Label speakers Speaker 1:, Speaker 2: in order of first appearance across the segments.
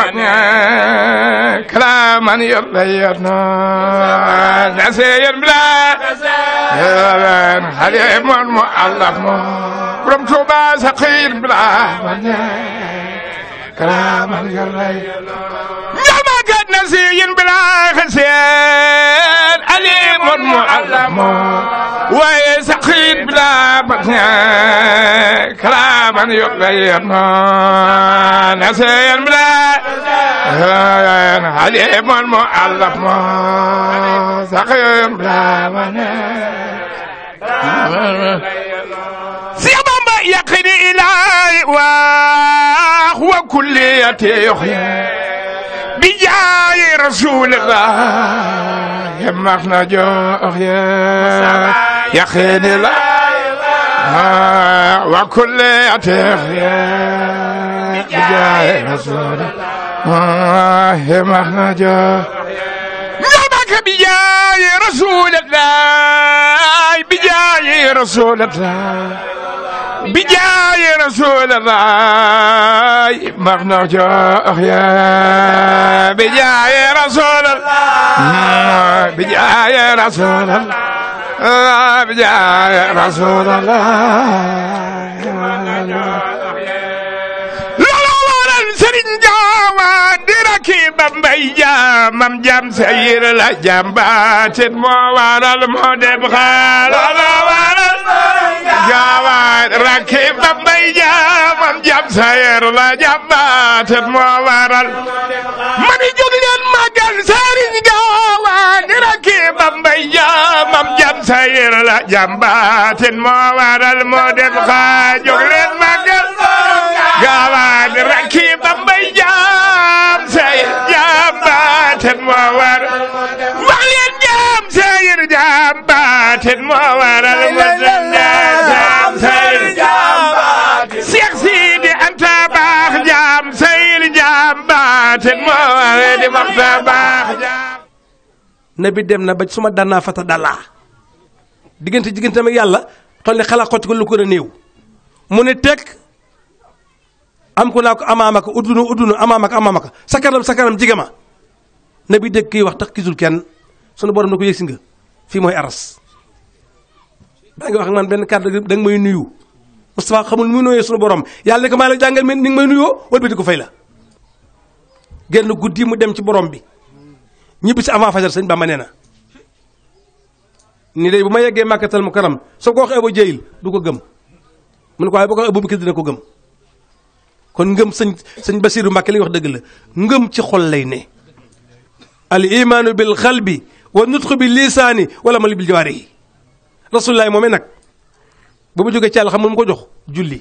Speaker 1: ربنا كلاما يطيرنا نسيا بلا حليب مؤلف برم توبا سقير بلا كلاما يطيرنا نسيا بلا خسير عليم مؤلف murid bi daa bëgg kalaaman yubayyitu nasiyan bi daa alimun muallaf saqiyun bi daa mane Seex Bamba yaqini ilaahi wa huwa kulliyati yuhyi بجاي رسول الله يمخنا جوخ يا خيني الله وكل أتخيا بجاه رسول الله مخرجا نبك بجاه رسول الله بجاه رسول الله بجاه رسول الله مخرجا أخيا بجاه رسول الله بجاه رسول الله يا رسول الله bambay jaamam jaam sayir la jaam baatin moo waral moo dem xaala la waral jaawaat rakki bambay jaamam jaam sayir la jaam baatin moo waral sayir la jàmbaatin moo waral moo def xaa jóg leen màggal gaawaan rakki bambay jaam sayir jàmbaatin moo waral wax leen jaam sayir moo waral moo def jaam sayir jaam sayir moo waral di wax baax jaam
Speaker 2: nabi dem na bac suma danaa fata dalaa diggante digganteem ak yàlla toll ne xalaat xotti ko lu ko a néew mu ne teg am ku naa ko amaamaka uddunu uddunu amaamaka amaamaka sa kanam sa na bi dégg kii wax tax gisul kenn sunu borom na ko yëgsi nga fii mooy aras daa ngi wax man benn kàddu da nga may nuyu Moustapha xamul mu nuyoo sunu borom yàlla ne ko maa la jàngal mi ni nga may nuyoo wala bi di ko fay la génn guddi mu dem ci borom bi ñibbi si avant fajar sëñ Bamba nee na ni day bu ma yeggee màkkatal mu karam soo ko waxee Abu Jahil du ko gëm mu ne ko waaye boo ko waxee Abu Bakar dina ko gëm kon ngëm sëñ sëñ Basiiru Mbàkke li wax dëgg la ngëm ci xol lay ne al imaanu bil xalbi wa nutqu bi lisaani wala mal bil jawaarihi rasulillahi moomee nag ba mu jógee ci yàlla xam nga mu ko jox julli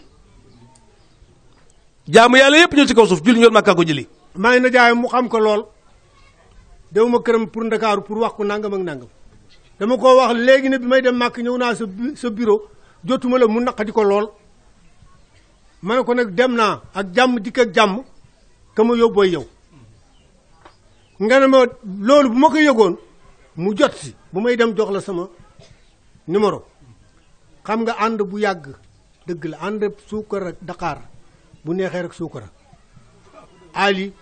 Speaker 2: jaamu yàlla yëpp ñëw ci kaw suuf julli ñool màkkaa ko jëli maa na jaay mu xam ko lool
Speaker 3: dew ma këram pour ndakaaru pour wax ko nangam ak nangam dama ko wax léegi ne bi may dem màkk ñëw naa sa sa bureau jotuma la mu naqadi ko lool ma ne ko nag dem naa ak jàmm dikk ak jàmm ka ma yow nga ne ma loolu bu ma ko yëgoon mu jot si bu may dem jox la sama numéro xam nga ànd bu yàgg dëgg la ànd suukar ak daqaar bu neexee rek suukara ali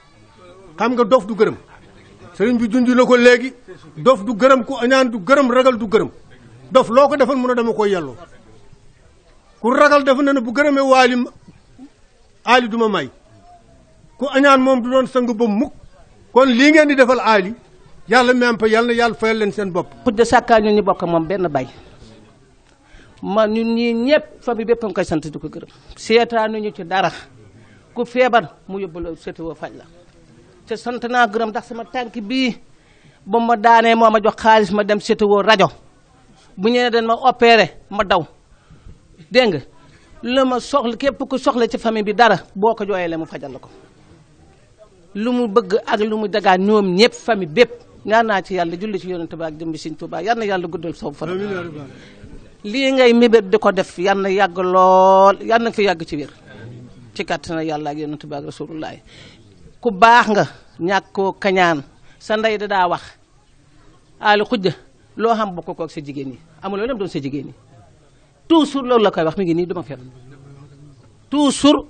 Speaker 3: xam nga dof du gërëm sëriñ bu junj ko léegi dof du gërëm ku añaan du gërëm ragal du gërëm dof loo ko defal mun a dama ko yelloo ku ragal dafa na ne bu a waali aali du ma may ku añaan moom du doon sang ba mukk kon lii ngeen di defal
Speaker 4: aali yàlla même pa yàlla na yàlla fayal leen seen bopp xuj de sàkkaa ñun ñu bokk moom benn bay ma ñun ñii ñëpp famille bépp nga koy sant di ko gërëm seetaa ñu ci dara ku feebar mu yóbbu la seetewoo faj la te sant naa gërëm ndax sama tànk bii ba ma daanee moo ma jox xaalis ma dem sétéo rajo bu ñëwee dañ ma opeere ma daw dégg nga la ma soxla képp ku soxle ci famille bi dara boo ko jooyee la mu fajal la ko lu mu bëgg ak lu mu dagaan ñoom ñëpp famille bépp ñaan naa ci yàlla julli ci yonent ba ak jëmbi Sëñ Tuubaa yal na yàlla guddal soobu fan lii ngay mébét di ko def yal na yàgg lool yal na fi yàgg ci wér ci kàttan yàlla ak yonent ba ak rasulullahi ku baax nga ñàkkoo kañaan sa ndey da daa wax aali xujja loo xam bokk koog sa jigéen ñi amuloo lam doon sa jigéen ñi toujours loolu la koy wax mi ngi nii du ma fen toujours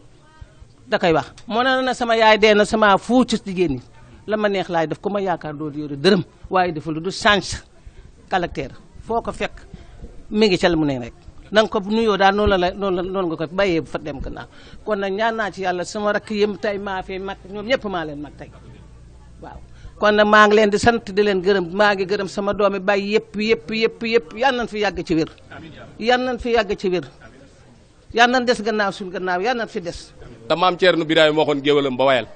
Speaker 4: da koy wax moo ne na sama yaay dee na sama fuu ci jigéen ñi la ma neex laay def ku ma yaakaar doo yore dërëm waaye deful du change caractère foo ko fekk mi ngi cal mu ne rek na nga ko nuyoo daal noonu la la noonu la noonu nga ko bàyyee bu fa dem gannaaw kon nag ñaan naa ci yàlla sama rakk yëm tey maa fi mag ñoom ñëpp maa leen mag tey waaw kon nag maa ngi leen di sant di leen gërëm maa ngi gërëm sama doomi bàyyi yëpp yëpp yëpp yëpp yal nañ fi yàgg ci wér yal nañ fi ci wér yal nañ des gannaaw suñ gannaaw yal nañ fi des
Speaker 2: te maam Ceerno Biraay moo xoon géwalam ba wayal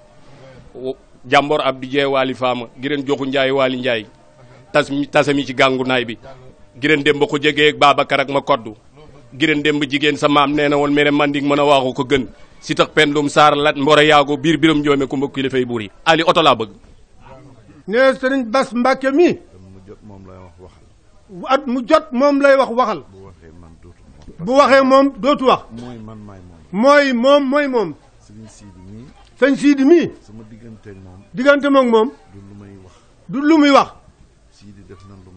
Speaker 2: jàmbor ab di jeey waali faama gireen joxu njaay waali njaay tas tasami ci gàngu bi gireen dem ba ko jegee Babacar ma koddu gireen dem ba jigéen sa maam nee na woon mere mandik mën a waaxu ko gën si tax pendum saar lat mbor a yaago biir biram joome kumba kilifay buur yi
Speaker 3: nee sëriñ Bas Mbàkke mi. at mu jot moom lay wax waxal. at mu jot moom lay wax waxal. bu waxee man dootu wax. bu waxee moom dootu wax. mooy man maay moom. mooy moom mooy moom. sëriñ Sidi mii. sëriñ Sidi mii. sama digganteeg moom. diggante moom moom. du lu may wax. du lu muy wax.
Speaker 5: Sidi def na lu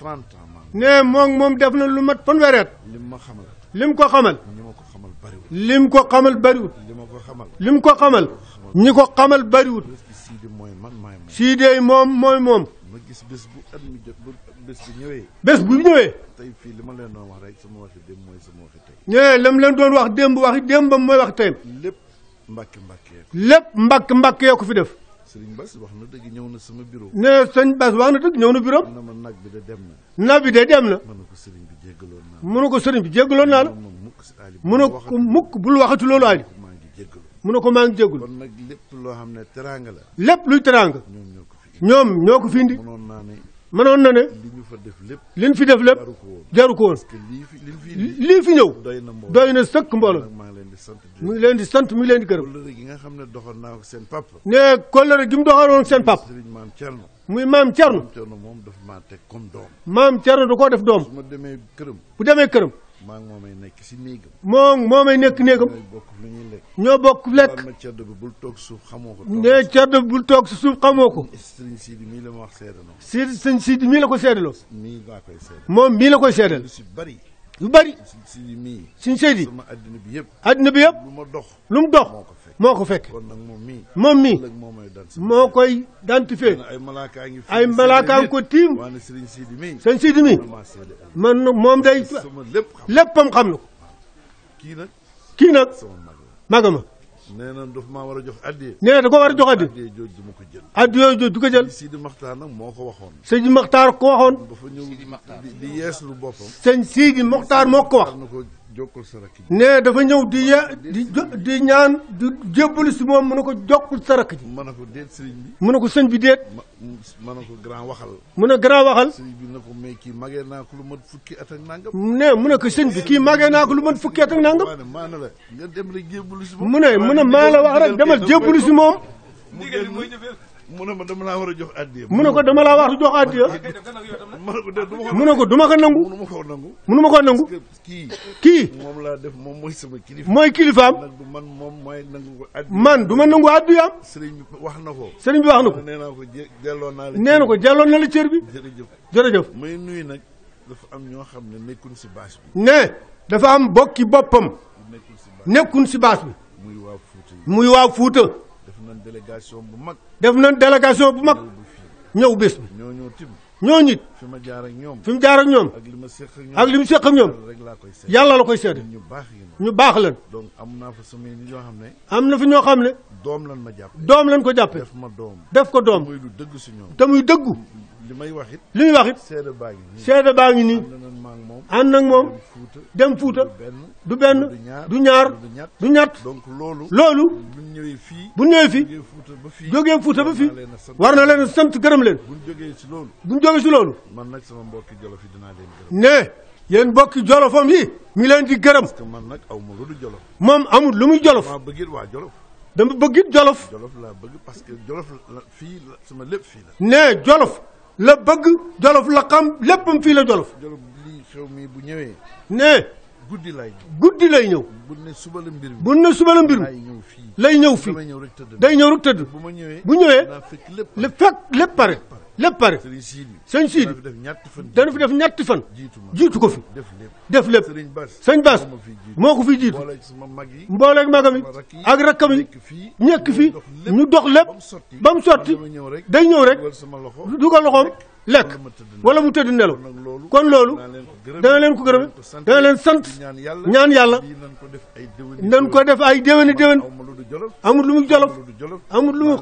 Speaker 5: 30 ans
Speaker 3: nee moom moom def na lu mat fanweeri at. lim ma xamal. lim ko xamal. ñi ma ko xamal bariwul. lim ko xamal bariwul. li ma ko xamal. lim ko xamal. ñi ko xamal bariwul. Siidi mooy man maay moom. Siidi moom mooy moom.
Speaker 5: ma gis bés bu at jot bu bés bu ñëwee. bés bu ñëwee. tey fii li ma leen doon wax rek sama waxi démb mooy sama
Speaker 3: nee la leen doon wax démb waxi démbam mooy wax tey. lépp mbàkk mbàkk yeeku. lépp mbàkk mbàkk yeeku fi def.
Speaker 5: sëriñ Bas wax na dëgg ñëw na sama bureau. ne sëñ Bas wax na dëgg ñëw na bureau. na ma nag bi de dem na. nag a de dem na. mën na ko sëriñ
Speaker 3: bi jéggaloon naa la. mën ko sëriñ bi jéggaloon naa la. mën na ko mukk bul waxatu loolu Ali. mën na ko maa ngi jéggul. kon nag
Speaker 5: lépp loo xam ne teraanga la.
Speaker 3: lépp luy teraanga. ñoom ñoo ko fi indi. mënoon na ne li ñu fa def lépp li fi def lépp jaru ko woon lii fi ñëw doy na sëkk mbooloo mu ngi leen di sant mu ngi leen di gërëm.
Speaker 5: gi nga xam ne doxoon naa ko seen papa.
Speaker 3: ne seen papa.
Speaker 5: sëriñ maam Thierno. muy maam Thierno. maam Thierno moom daf
Speaker 3: doom. maam Thierno da koo def doom. ma demee këram. bu demee këram. maa ngi moomay nekk si néegam. moom ay nekk néegam. ñoo bokk lu ñuy lekk. ñoo bokk lekk.
Speaker 5: ne ceddo bi bul toog suuf xamoo ko. ne ceddo bi bul toog suuf xamoo ko. sëriñ Sidi mii la ma wax seede na. sëriñ Sidi mii la ko seedaloo. mii laa koy seedal. moom mii la koy seedal. lu si bari. lu bari suñ seydi addina bi yëpp addina bi yëpp lu mu
Speaker 3: dox moo ko fekk moom mii moo koy identifié ay malaakaangi ko tiim sëñ seydi mii man moom day léppam xam na ko kii nag magama
Speaker 5: nee na daf ma war a jox addiya. nee na da koo war a jox addiya. addiya jooju du ma ko jël.
Speaker 3: addiya jooju du ko jël. Sidi
Speaker 5: Maxtaar nag moo ko waxoon. sëñ Maxtaar ko waxoon. dafa ñëw di yees lu boppam. sëñ Sidi Maxtaar moo ko wax.
Speaker 3: ne dafa ñëw di ye di di ñaan di jébbalu si moom mu ne ko jokkul sara rakk ji.
Speaker 5: mu ko sëñ bi. mu ne ko sëñ bi déet. ma ne ko grand waxal. mu ne grand waxal. sëñ bi ne ko mais kii màggee naa ko lu mat fukki at ak nangam. mu ne sëñ bi kii màggee naa ko lu mat fukki at ak nangam. maa ne la nga dem rek jébbalu si moom. mu ne mu ne maa la wax rek demal jébbalu si moom. mu ne ma dama laa war a jox addiya. mu ne ko dama laa war a jox addiya. mu ne ko duma ko nangu. mu ne ko duma ko nangu. mu ne ma koo nangu. kii. moom laa def moom mooy sama kilifa. mooy kilifaam. man moom mooy nangu addiya. man du ma nangu addiyaam. sëriñ bi wax na ko. sëriñ bi na ko. nee naa ko delloo naa la. ko delloo na la cër bi. jërëjëf jërëjëf. may nuyu nag dafa am ñoo xam ne nekkuñ si bâche
Speaker 3: bi. ne dafa am bokki boppam. nekkul si bâche bi. muy waa Fuuta. Fuuta.
Speaker 5: délégation bu
Speaker 3: mag. def nañ délégation bu mag. ñëw bés bi ñoo
Speaker 5: ñëw tim. ñooñu it fi ma jaar ak ñoom fi mu jaar ak ñoom ak li ma séq ak ñoom ak li mu séq ak ñoom yàlla la koy seede ñu baax ñu baax lan donc am naa fa sama nit xam ne am na fi ñoo xam ne doom lan ma jàppe doom lan ko jàppe def ma doom
Speaker 3: def ko doom muy
Speaker 5: lu dëgg si ñoom te muy dëggu li may wax it. li muy wax it seede
Speaker 3: baa ngi nii ànd ak moom dem Fuuta du benn du ñaar du ñett loolu. bu ñëwee fii bu ñëwee fii jógee Fuuta ba fii war na leen a sant gërëm leen
Speaker 5: bu ñu jógee si loolu. bu ñu jógee si loolu. man nag sama mbokki jolof yi
Speaker 3: dinaa leen yéen mbokki jolofam yi mi leen di gërëm. parce
Speaker 5: man nag aw ma lu dul
Speaker 3: moom amul lu muy jolof. dama bëggit waa jolof. dama bëggit jolof.
Speaker 5: jolof laa bëgg parce que jolof la fii sama lépp fii la.
Speaker 3: nee jolof la bëgg jolof la xam léppam fii la jolof. jolof lii
Speaker 5: xew mi bu ñëwee. ne. guddi lay ñëw
Speaker 3: guddi lay ñëw. bu ne
Speaker 5: suba la mbir mi
Speaker 3: bu ne suba la mbir mi. lay ñëw fii lay ñëw fii. day ñëw rek tëdd. bu ma ñëwee bu ñëwee. la fekk lépp pare. lépp pare sëñ Sidi dana fi def ñetti fan jiitu ko fi def lépp sëñ Bass moo ko fi jiitu mbooleeg magam yi ak rakkam yi ñekk fi ñu dox lépp ba mu sotti day ñëw rek dugal loxoom lekk wala mu tëdd nelaw kon loolu dana leen ko gërëm
Speaker 5: dana leen sant ñaan yàlla
Speaker 3: nan ko def ay déwéni déwén amul lu mu jolof amul lu mu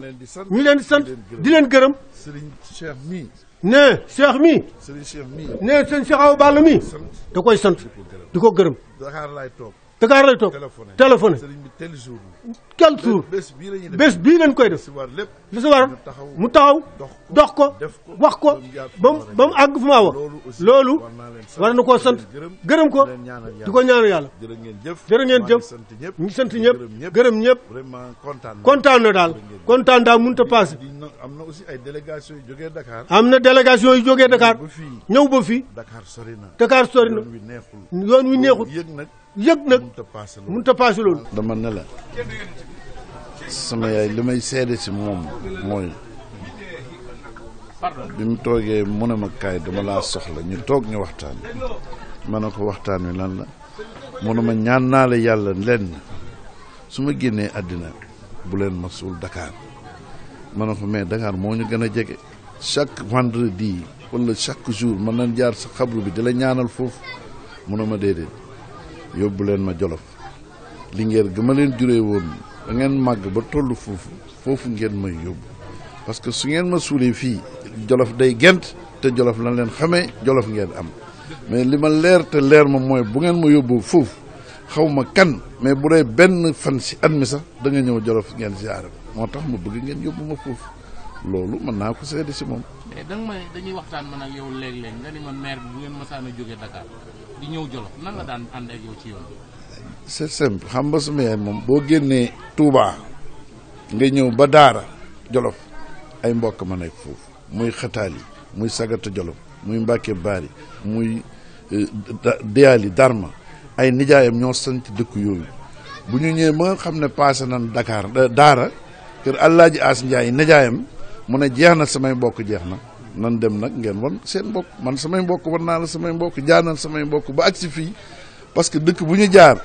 Speaker 3: ñu leen di sant di leen gërëm
Speaker 5: sëriñ Cheikh mii.
Speaker 3: nee Cheikh mii. sëriñ Cheikh mii. nee sëriñ Cheikh Awa Balla mii. da koy sant di ko gërëm. Dakar laay toog. Dakar lay toog téléphoné
Speaker 5: tel jour quel jour bés bii lañ koy def li si war mu taxaw dox ko wax
Speaker 3: ko ba mu ba mu àgg maa wax loolu war na koo sant gërëm ko di ko ñaanu yàlla jërë ngeen jëf ñu ngi sant ñëpp gërëm ñëpp kontaan na daal kontaan daal mënut a passé
Speaker 5: am na aussi ay délégation yu jógee am na délégation yu jógee Dakar ñëw ba fii dakaar sori na yoon wi neexul yëg nag mënut a paase loolu. dama ne la sama yaay li may seede si moom mooy bi mu toogee mu ne ma kaay dama laa soxla ñu toog ñu waxtaan ma ne ko waxtaan wi lan la mu ma ñaan naa la yàlla lenn su ma génnee àddina bu leen ma suul Dakar ma ko mais Dakar moo ñu gën a jege chaque vendredi wala chaque jour mën nañ jaar sa xabru bi di la ñaanal foofu mu ne ma déedéet. yóbbu leen ma jolof lingeer gi ma leen juree woon da ngeen màgg ba toll foofu foofu ngeen may yóbbu parce que su ngeen ma suulee fii jolof day gent te jolof lan leen xamee jolof ngeen am mais li ma leer te leer ma mooy bu ngeen ma yóbboo foofu xaw ma kan mais bu dee benn fan si at mi sax da nga ñëw jolof ngeen ziare moo tax ma bëgg ngeen yóbbu ma foofu loolu mën naa ko seede si moom.
Speaker 4: danga ma maire bi bu ngeen mësaan a ñëw Jolof nan daan ànd yow ci yoon
Speaker 5: c'est xam nga su maire moom boo génnee Touba nga ñëw ba Daara Jolof ay mbokk ma nekk foofu muy xataal yi muy sagata Jolof muy Mbàkke Baari muy eh, Diyaali Darma ay nijaayam ñoo sant dëkk yooyu bu ñu ñëwee ba xam ne passé nañ Dakar eh, Daara kër Alaaji As Njaay nijaayam mu ne jeex na samay mbokk jeex na nan dem nag ngeen wan seen mbokk man samay mbokk wan naa la samay mbokk jaanal samay mbokk ba agsi fii parce que dëkk bu ñu jaar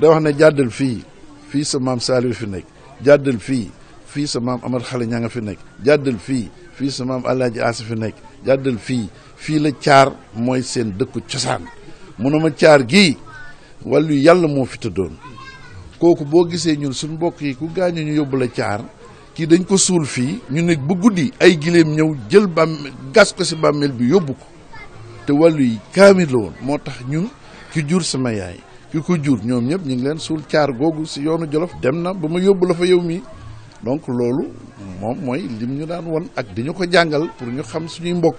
Speaker 5: da wax na jàddal fii fii sa maam Saliou fi nekk jàddal fii fii sa maam Amar Xale nga fi nekk jàddal fii fii sa maam Alaaji Aasi fi nekk jàddal fii fii la caar mooy seen dëkku cosaan mun ma caar gii wàllu yàlla moo fi tëddoon kooku boo gisee ñun suñu mbokk yi ku gaañu ñu yóbbu la caar kii dañ ko suul fii ñu ne ba guddi ay gileem ñëw jël bàmmeel gas ko si bàmmeel bi yóbbu ko te wàllu yi kaamil la woon moo tax ñun ki jur sama yaay ki ko jur ñoom ñëpp ñu ngi leen suul caar googu si yoonu Jolof dem na ba ma yóbbu la fa yow mii donc loolu moom mooy lim ñu daan won ak dañu ko jàngal pour ñu xam suñuy mbokk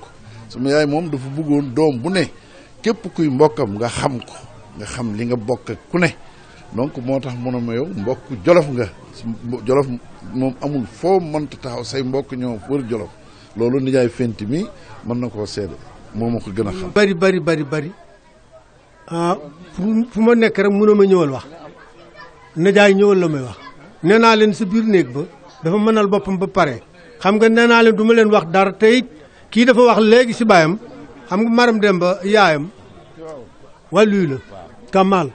Speaker 5: sama yaay moom dafa bëggoon doom bu ne képp kuy mbokkam nga xam ko nga xam li nga bokk ak ku ne donc moo tax mu ne ma yow mbokk jolof nga jolof moom amul foo mënta taxaw say mbokk ñoo wër jolof loolu nijaay fenti mi mën na koo seede moo ma ko gën a xam
Speaker 3: bari bari bari bari ah, fu ma nekk rek mu a ma ñëwal wax nijaay ñëwal la may wax nee naa leen si biir néeg ba dafa mënal boppam ba pare xam nga nee naa leen du ma leen wax dara te kii dafa wax léegi si baayam xam nga maram dem ba yaayam wàllu la Kamal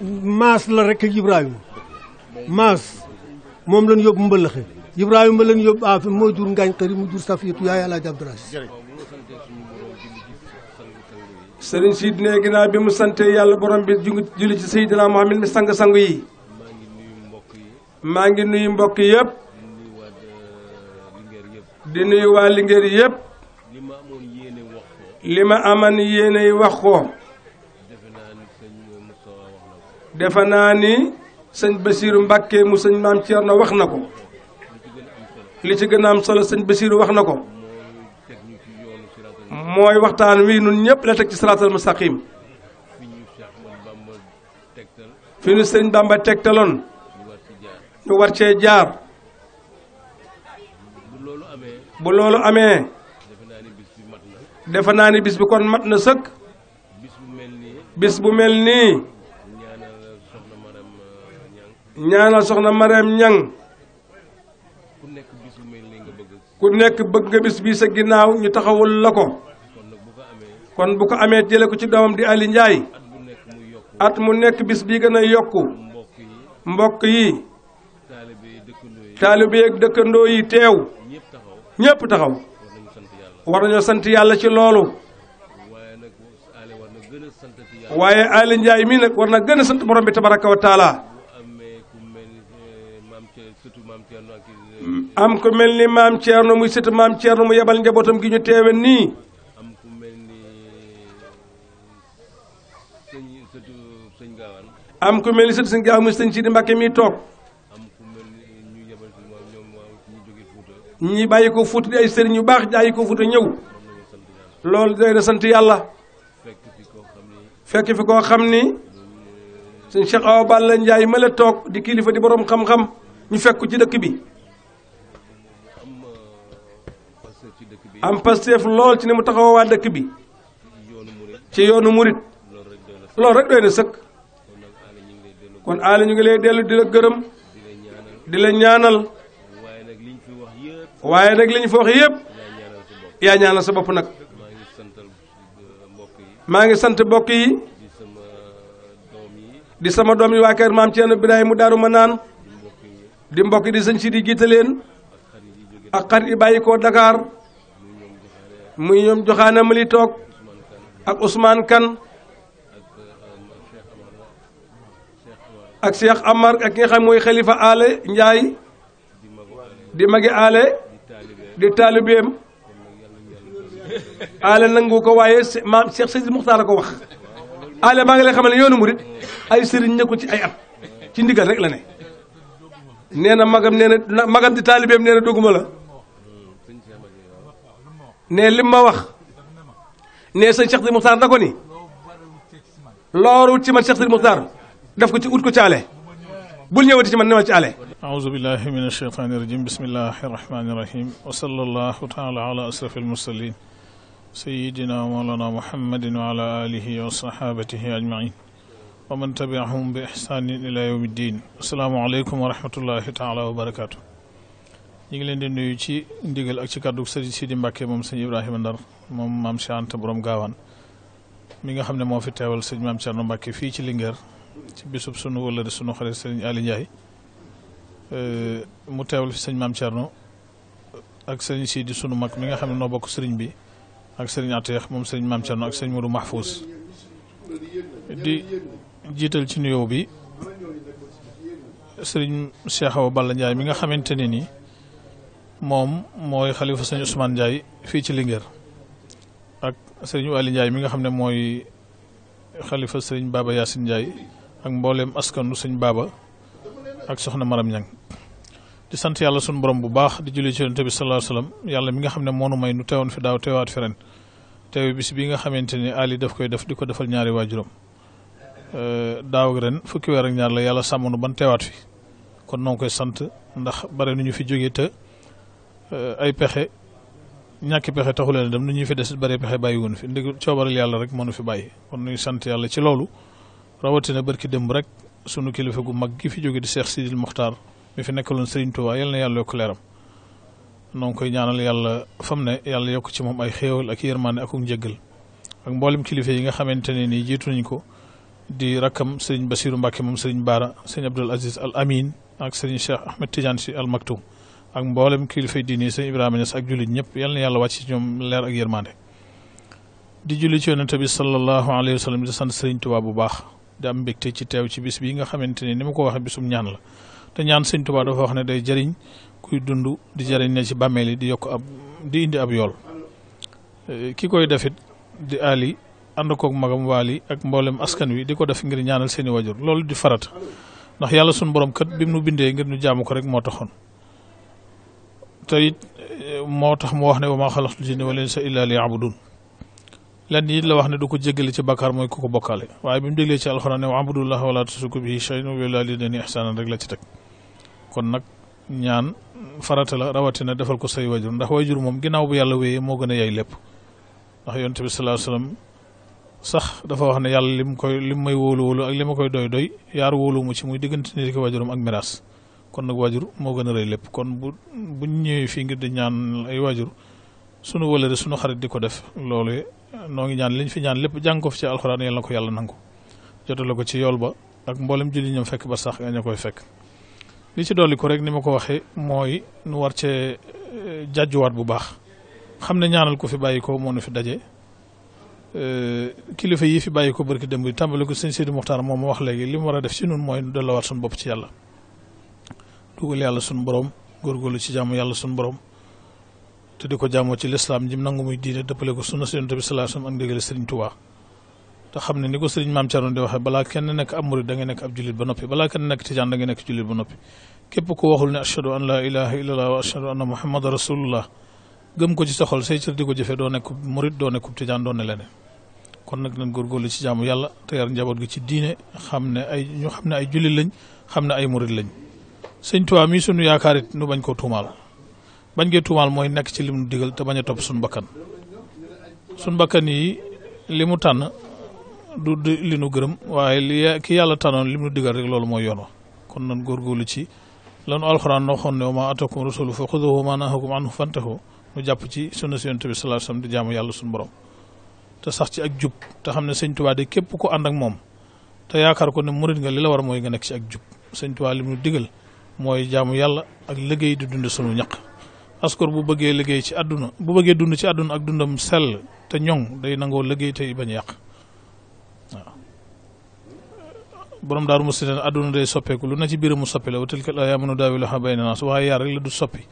Speaker 3: maas la rek ak Ibrahima maas moom lañ yóbbu mbëllëxe Ibrahima lañ yóbbu afi ah, moo jur ngaañ xëri mu jur safiyatu yaay Alaaji Abdurasi
Speaker 2: sëriñ si dine naa bi mu santee yàlla borom bi jungi julli ci Seydina Muhammad mi sang-sang yi maa ngi nuyu mbokk yëpp di nuyu waa Linguère yëpp li ma amoon yéene wax ko defe naa ni sëñ Basiiru Mbàkke mu sëñ maam Ceerno wax na ko li ci gën a solo sëñ Basiiru wax na ko mooy waxtaan wi nun ñëpp la teg ci siraatal mustaqim
Speaker 4: fi ñu sëñ Bàmba tegtaloon
Speaker 2: ñu war cee jaar bu loolu amee defe naa ni bis bi kon mat na sëkk bis bu mel nii ñaanal soxna Marème Ñang ku nekk bëgg nga bis bi sa ginnaaw ñu taxawul la ko kon bu ko amee jële ko ci doomam di Ali Ndiaye at mu nekk bis bi gën a yokku mbokk yi taalibe ak dëkkandoo yi teew ñépp taxaw war nañoo sant yàlla ci loolu waaye Ali Ndiaye mii nag war na gën a sant borom bi tabaraka wa taala am ku mel ni maam Thierno muy sët maam Thierno mu yebal njabootam gi ñu teewe nii. am ku mel ni sëñ sëtu sëñ Gaawaan. am ku mel sëñ Gaawaan muy sëñ mi toog. am ku mel ñu ñi bàyyi ko Fuuta ay sëriñ yu baax bàyyi ko Fuuta ñëw. loolu day da sant yàlla. fekk fi koo xam ni. sëñ Cheikh Awa Balla Ndiaye ma toog di kilifa di boroom xam-xam ñu fekk ci dëkk bi. am pasteef lool ci ne mu taxawoo waa dëkk bi ci yoonu murit loolu rek doy na sëkk kon aale ñu ngi lay dellu di la gërëm di la ñaanal waaye nag li ñu fi wax yépp yaa ñaanal sa bopp nag maa ngi sant mbokk yi di sama doom yi waa kër maam Thierno Birahim mu daaru ma naan di mbokk di sëñ si di jiite leen ak xar yi bàyyi koo dakaar muy ñoom joxaana mali toog ak Ousmane Kane ak Cheikh Amar ak ki xam mooy Khalifa Ale Ndiaye di magi Ale di taalibeem Ale nangu ko waaye maam Cheikh Sidi Muxtaar a ko wax Ale maa ngi lay xamal ne yoonu murit ay sëriñ nekkul ci ay at ci ndigal rek la ne nee na magam nee na magam di taalibeem nee na la ne lim ma wax ne sëñ Cheikh Sidi Muxtaar na ko ni
Speaker 6: looru ci man Cheikh Sidi Muxtaar def ko ci ut ko caale bul ñëwati ci man newal ci ale aouzu billahi min alcheytaani rajim bismillahi rahmaani rahim wa sallallahu taala ala asraf almursalin sayidina mawlana muhammadin wa ala alihi wa sahabatihi ajmain wa man tabiahum bi ihsanin ila yawmi ddin assalaamu aleykum wa rahmatullahi taala wa barakatuh ñu ngi leen di nuyu ci ndigal ak ci kàddu sëriñ Sidi Mbàkke moom sëñ Ibrahima Ndar moom maam Cheikh Anta borom gaawaan mi nga xam ne moo fi teewal sëñ maam Thierno Mbàkke fii ci Linguère ci bisub sunu wala de sunu xarit sëriñ Ali Ndiaye mu teewal fi sëñ maam Thierno ak sëriñ Sidi sunu mag mi nga xam ne noo bokk sëriñ bi ak sëriñ moom sëriñ maam ak sëriñ Modou Mahfouz di jiital ci nuyoo bi sëriñ Cheikh Awa Balla Ndiaye mi nga xamante ne nii. moom mooy xalifa sëñ Ousmane Ndiaye fii ci Linguère ak sëñ Waly Ndiaye mi nga xam ne mooy xalifa sëñ Baba Yacine Ndiaye ak mboolem askanu sëñ baaba ak soxna Maram Ñang di sant yàlla sunu borom bu baax di julli ci yonent yàlla mi nga xam ne moonu may nu teewoon fi daaw teewaat fi ren teew bis bi nga xamante ni Ali daf koy def di ko defal ñaari waajuram euh, daaw ak ren fukki weer ñaar la yàlla sàmm nu ban teewaat fi kon noo koy sant ndax bare nu ñu fi jógee te Eh, ay pexe ñàkki pexe taxu leen dem nu ñuy fi des bare pexe bàyyi woon fi ndig coobaral yàlla rek moo nu fi bàyyi kon nuy sant yàlla ci loolu rawatina barki démb rek sunu kilifa gu mag gi fi jóge di Seex Sidil Muxtaar mi fi nekkaloon Serigne Touba yal yàlla yokk leeram noo ngi koy ñaanal yàlla fam ne yàlla yokk ci moom ay xéewal ak yërmaane ak um njëggal ak mboolem kilifa yi nga xamante ne nii jiitu nañ ko di rakkam Serigne Bassirou Mbacke moom Serigne Baara Serigne Abdoul Aziz Amin ak Serigne Cheikh Ahmed Tidiane si Al ak mboolem kilifa diini sëñ Ibrahima Niass ak jullit ñëpp yal na yàlla wàcc ci ñoom leer ak yërmande di julli ci yonente bi sallallahu alayhi wa sallam di sant Serigne Touba bu baax di am mbégte ci teew ci bis bii nga xamante ni ni ma ko waxee bisum ñaan la te ñaan Serigne Touba dafa wax ne day jariñ kuy dund di jëriñ ne ci bàmmeel yi di yokk ab di indi ab yool eh, ki koy defit di ali ànd koog magam waali ak mboolem askan wi di ko def ngir ñaanal seeni wajur loolu di farata ndax yàlla sunu borom kat bi mu nu bindee ngir nu jaamu ko rek moo taxoon. it eh, moo tax mu wax ne wa maa xalaqtul jinna wal insa illa liya'budun lenn it la wax ne du ko jéggale ci bàkkaar mooy ku ko bokkaale waaye bi mu déglee ci alxuraan ne wa abudullah wala tusuku bihi la wa bil waalidayni ihsaanan rek la ci teg kon nag ñaan farata la rawatina defal ko say wajur ndax wajur moom ginnaaw bu yàlla wéyee moo gën a yay lépp ndax yonent bi sallallahu sax dafa wax ne yàlla lim koy lim may wóolu wóolu ak li ma koy doy doy yaar wóolu mu ci muy diggante nit ki wajurum ak miraas kon nag waajur moo gën a rey lépp kon bu bu ñëwee fii ngir di ñaan ay waajur sunu wëlëre sunu xarit di ko def loolu noo ngi ñaan liñ fi ñaan lépp jàng ko fi ci alxuraan yal ko yàlla nangu jotale ko ci yool ba ak mboolem julli ñoom fekk ba sax nga ña koy fekk li ci dolli ko rek ni ma ko waxee mooy nu war cee eh, jàjjuwaat bu baax xam ne ñaanal ko fi bàyyi ko moo nu fi daje eh, kilifa yi fi bàyyi ko barki démb yi tàmbali ko sëñ Sidi Muxtaar moom ma wax léegi li mu war a def ci nun mooy nu delloowaat suñu bopp ci yàlla dugal yàlla sunu borom góorgóorlu ci jaamu yàlla sunu borom te di ko jaamoo ci lislaam jim nangu muy diine dëppale ko sunna Yonent bi sallallahu alayhi wasallam ak ndigal Sëriñ Tuubaa te xam ne ni ko Sëriñ Maam Cerno di waxee tijaan doo nekk ne kon nag nañ góorgóorlu ci jaamu yàlla te yar njaboot gi ci diine xam ne ay ñu xam ne ay jullit lañ xam ne ay murid lañ sëñ Tuubaa mii sunu yaakaarit nu bañ koo tuumaal bañ ngee tuumaal mooy nekk ci li mu digal te bañ a topp sunu bakkan sunu bakkan yi li mu tànn du li nu gërëm waaye li ki yàlla tànnoon li mu digal rek loolu mooy yoon kon nan góorgóorlu ci lanu alxuraan noo xoon ne wa maa ataakum rasulu fa xuduhu wa maa nahakum anhu fantahu nu jàpp ci sunna si yonent bi di jaamu yàlla sunu borom te sax ci ak jub te xam ne sëñ Tuubaa képp ku ànd moom te yaakaar ko ne murit nga li la war mooy nga nekk ci ak jub sëñ Tuubaa li mu digal mooy jaamu yàlla ak liggéey di dund sunu ñaq askor bu bëggee liggéey ci àdduna bu bëggee dund ci àdduna ak dund dundam sell te ñoŋ day nangoo liggéey tey bañ yàq waaw borom daaru musti ne àdduna day soppeeku lu na ci biir mu soppi la wa tilka ayaamunu daawiluhaa bayna naas waaye yaar rek la du soppi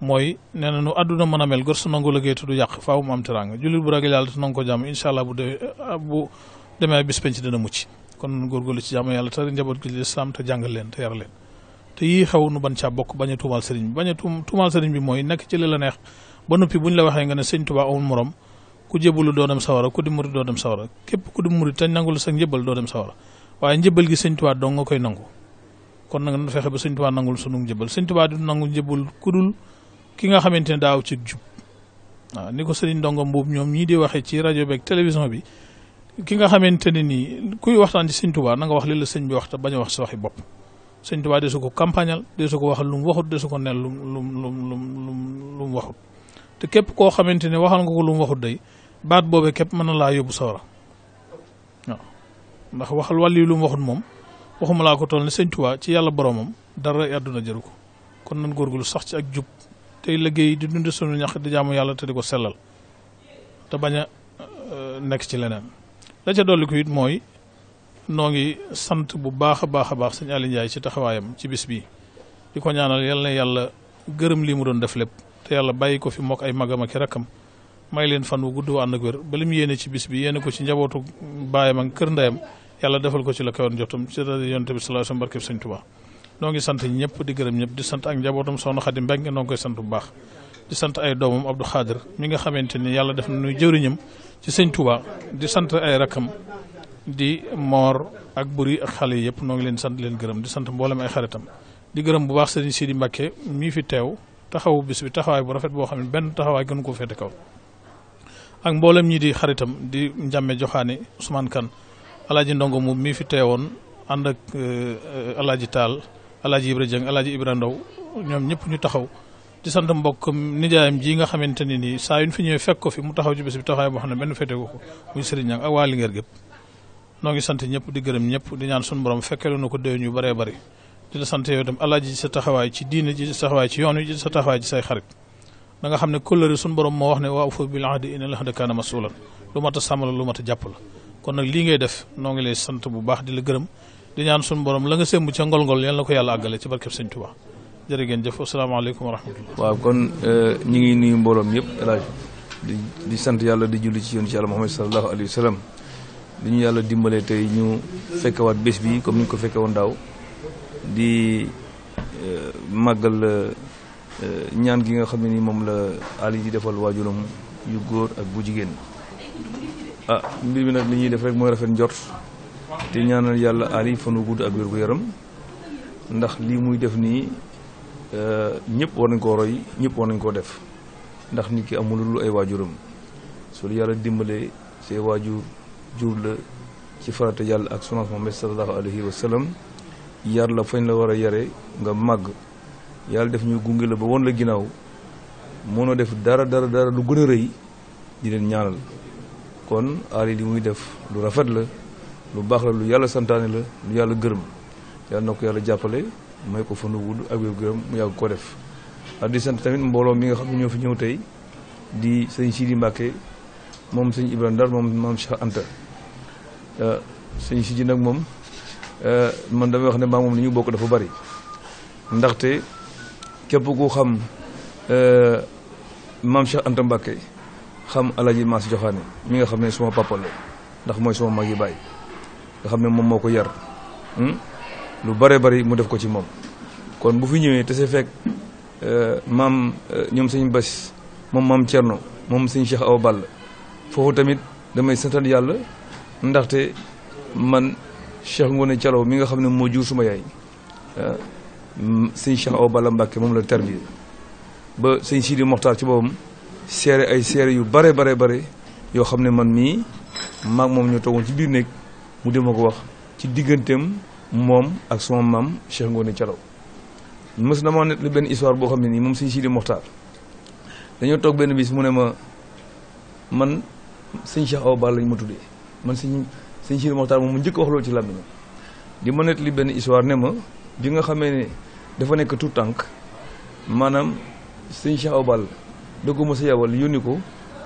Speaker 6: mooy nee na nu àdduna mën a mel gor su nangu liggéey te du yàq faaw mu am teraanga jullit bu ragal yàlla te nangu ko jàmm allah bu dee ah, bu demee bis dana mucc kon góorgóorlu ci jàmm yàlla te njaboot gi lislaam te jàngal leen te te yii xew nu ban caa bokk bañ a tuumaal sëriñ bi bañ a tuumaal sëriñ bi mooy nekk ci li la neex ba noppi buñ la waxee nga ne sëñ Tuubaa amul morom ku jébbalu doo dem sawara ku di murit doo dem sawara képp ku di murit te nangul sa njëbbal doo dem sawara waaye njëbbal gi sëñ Tuubaa dong nga koy nangu kon nag na fexe ba sëñ Tuubaa nangul sunu njëbbal sëñ Tuubaa du nangu njëbbal ku dul ki nga xamante ne daaw ci jub waaw ni ko sëriñ Ndongo Mbuub ñoom ñii di waxee ci rajo beeg télévision bi ki nga xamante ne nii kuy waxtaan ci sëñ Tuubaa na nga wax li la sëñ bi wax te bañ wax sa waxi bopp sëñ Tuubaa de su ko campagnal de su ko waxal lu mu waxut de su ko nel lu lu lu lu lu waxut te képp koo xamante ne waxal nga ko lu waxut day baat boobee képp mën na laa yóbbu sawra waaw ndax waxal wàll yi lu mu waxut moom waxuma laa ko toll ne sëñ ci yàlla boromam dara àdduna jëru ko kon nan góorgóorlu sax ci ak jub tey liggéey di dund sunu ñax di jaamu yàlla te di ko sellal te bañ a euh, nekk ci leneen la ca dolli ko mooy noo ngi sant bu baax a baax a baax sëñ Aliou Ndiaye ci taxawaayam ci bis bi di ko ñaanal yal na yàlla gërëm li mu doon def lépp te yàlla bàyyi ko fi mook ay magam ak i rakkam may leen fan wu gudd wu ànd ak ba li mu yéene ci bis bi yéene ci njabootu baayam ak kër ndeyam yàlla defal ko ci la kawoon jotam ci rajo yonte bi sallallahu alayhi wasallam barkeb sëñ Tuubaa noo sant ñëpp di gërëm ñëpp di sant ak njabootam soxna Xadi Mbeng noo ngi koy sant bu baax di sant ay doomam Abdou Khadir mi nga xamante ni yàlla def na nuy jëwriñam ci sëñ Tuubaa di sant ay rakkam di moor ak buri ak xale yëpp noo ngi leen sant leen gërëm di sant mboolem ay xaritam di gërëm bu baax sëriñ Sidi Mbacke mii fi teew taxaw bis bi taxawaay bu rafet boo xam ne benn taxawaay gënu ko féete kaw ak ñi di xaritam di njàmme joxaani Ousmane Kane alaaji ndongo mii fi teewoon ànd ak euh, alaaji Taal alaaji Ibra Dieng alaaji Ibra Ndaw ñoom ñëpp ñu taxaw di sant mbokk nijaayam ji xamante ne nii saa yu ñu fi fi mu taxaw ci bis bi taxawaay ne benn féete ko muy sëriñ ñang ak waa Linguère gépp noo ngi sant ñëpp di gërëm ñëpp di ñaan suñu borom fekkelu na ko déwén yu bëree bëri di la sant yow itam alaaji sa taxawaay ci diine ji sa taxawaay ci yoon wi ji sa taxawaay ci say xarit da nga xam ne kóllëre suñu borom moo wax ne waa awfu bil ahdi innal ahda kaana masuulan lu mat a sàmm la lu mat a jàpp la kon nag lii ngay def noo ngi lay sant bu baax di la gërëm di ñaan suñu borom la nga semb ca ngol-ngol yal la ko yàlla àggale ci barkeb sëñ Tuubaa jërë ngeen jëf asalaamaaleykum
Speaker 7: waaw kon euh, ñi ngi nuyu mbooloom yëpp alaaji di sant yàlla di julli ci yoon ci yàlla Muhammad sallallahu alayhi wa li ñu yàlla dimbalee tey ñu fekkewaat bés bi comme ni ñu ko fekke woon daaw di euh, màggal euh, ñaan gi nga xam ne ni moom la Ali di defal waajuram yu góor ak bu jigéen ah mbir mi nag li ñuy def rek mooy rafet njort te ñaanal yàlla Ali fanu gudd ak wér gu yaram ndax lii muy def nii euh, ñëpp war nañ koo roy ñëpp war nañ koo def ndax nit ki amul lu ay waajuram su yàlla dimbalee see waajur jur la ci farata yàlla ak sunnas Muhammad sallallahu alayhi wa sallam yar la fañ la war a yare nga màgg yàlla def ñu gunge la ba woon la ginnaaw mënoo def dara dara dara lu gën a rëy di leen ñaanal kon Ali li muy def lu rafet la lu baax la lu yàlla santaane la lu yàlla gërëm yàlla na yàlla jàppale may ko fa nu wud ak wér gërëm mu yàgg ko def ak di sant tamit mbooloo mi nga xam ne ñoo fi ñëw tey di sëñ Sidi Mbàkke moom sëñ Ibrahima Ndar moom maam Cheikh Anta euh, sëñ si ji nag moom euh, man damay wax ne maa moom li ñu bokk dafa bari ndaxte képp ku xam euh, maam Cheikh ant Mbacke xam ma si Joxaane mi nga xam ne suma papa ndax mooy suma mag yi bàyyi nga xam ne moom moo ko yar hmm? lu bare bari mu def ko ci moom kon bu fi ñëwee te se fekk maam ñoom sëñ Bass moom maam Thierno moom sëñ Cheikh Awa Balla foofu tamit damay santal yàlla ndaxte man Cheikh Ngoone Thialaw mi nga xam ne moo jur suma yaay sëñ Cheikh Awa Balla Mbàkke moom la tarbiya ba sëñ Sidi Moxtaar ci boppam seere ay seere yu bare bare bare yoo xam ne man mii maag moom ñoo toogoon ci biir néeg mu dem ko wax ci digganteem moom ak suma maam Cheikh Ngoone Thialaw mës na ma net lu benn histoire boo xam ne nii moom sëñ Sidi Moxtaar dañoo toog benn bis mu ne ma man sëñ Cheikh Awa Balla lañ ma tuddee man sëñ sëñ Cheikh Mokhtar moom mu njëkk wax loolu ci làmmiñam di ma nettali benn histoire ne ma bi nga xamee ne dafa nekk tout tànk maanaam sëñ Cheikh Awa Balla da ko yabal yónni ko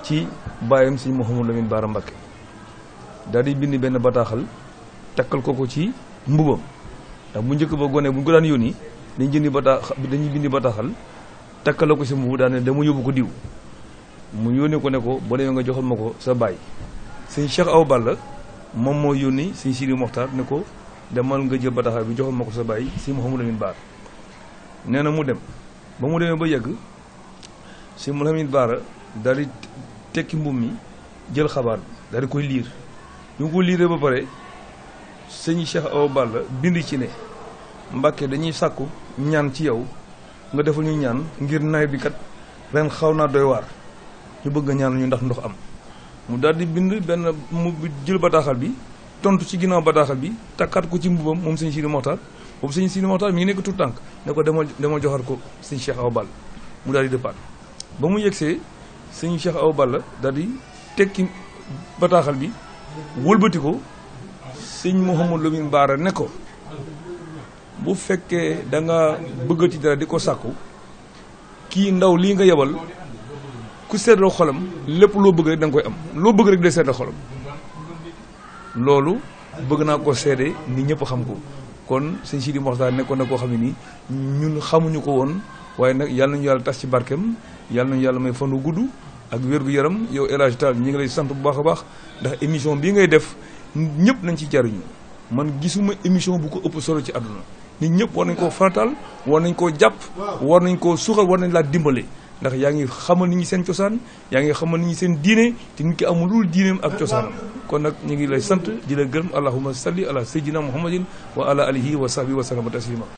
Speaker 7: ci bàyyam sëñ Mouhamadou Lamine Bara Mbacké daal di bind benn bataaxal takkal ko ko ci mbubam ndax mu njëkk ba gone bu ñu ko daan yónni dañu jëndi bataax dañuy bindi bataaxal takkale ko ci mbubu daan ne dama yóbbu ko diw mu yónnee ko ne ko boo nga joxal ma ko sa baay sëñ Cheikh Awa la moom moo yónni sëñ Sidi Mokhtar ne ko demal nga jël bataaxal bi joxal ma ko sa baay si Mouhamadou Lamine Bara nee na mu dem ba mu demee ba yegg si Mouhamadou Lamine Bara daal tekki mbubb mi jël xabaar bi daal di koy liir bi mu ko liiree ba pare sëñ Cheikh Awa Balla bind ci ne Mbàkke dañuy sàkku ñaan ci yow nga defal ñu ñaan ngir nawet bi kat ren xaw naa doy waar ñu bëgg nga ñaanal ñu ndax ndox am mu daal di bind benn mu jël bataaxal bi tontu ci ginnaaw bataaxal bi takkaat ko ci mbubam moom sëñ Sidi Moxtaar boobu sëñ Sidi Moxtaar mi ngi nekk tout tànk ne ko demal demal joxar ko sëñ Cheikh Awa bal mu daal di dëppaat ba mu yegsee sëñ Cheikh aw Balla daal di tekki bataaxal bi wëlbati ko sëñ Mouhamadou Lamine Baara ne ko bu fekkee da nga bëggati dara di ko sàkku kii ndaw lii nga yebal ku seetloo xolam lépp loo bëgg rek da nga koy am loo bëgg rek day seetloo xolam loolu bëgg naa ko seede ni ñëpp xam ko kon sëñ Sidi Moxtaar nekkoon na koo xam ne nii ñun xamuñu ko woon waaye nag yàlla nañu yàlla tas ci barkeem yàlla nañu yàlla may fanu gudd ak wér-gu-yaram yow El Hadj Tall lay sant bu baax a baax ndax émission bi ngay def ñëpp nañ ci jariñu man gisuma émission bu ko ëpp solo ci àdduna nit ñëpp war nañ koo faratal war nañ koo jàpp war nañ koo suuxal war ndax yaa ngi xamal nit ñu seen cosaan yaa ngi xamal nit ñu seen diine te nit ki amul lul diineem ak cosaan kon nag ñu ngi lay sant di la gërëm allahumma salli ala sayyidina muhammadin wa ala alihi wa sahbihi wa sallama taslima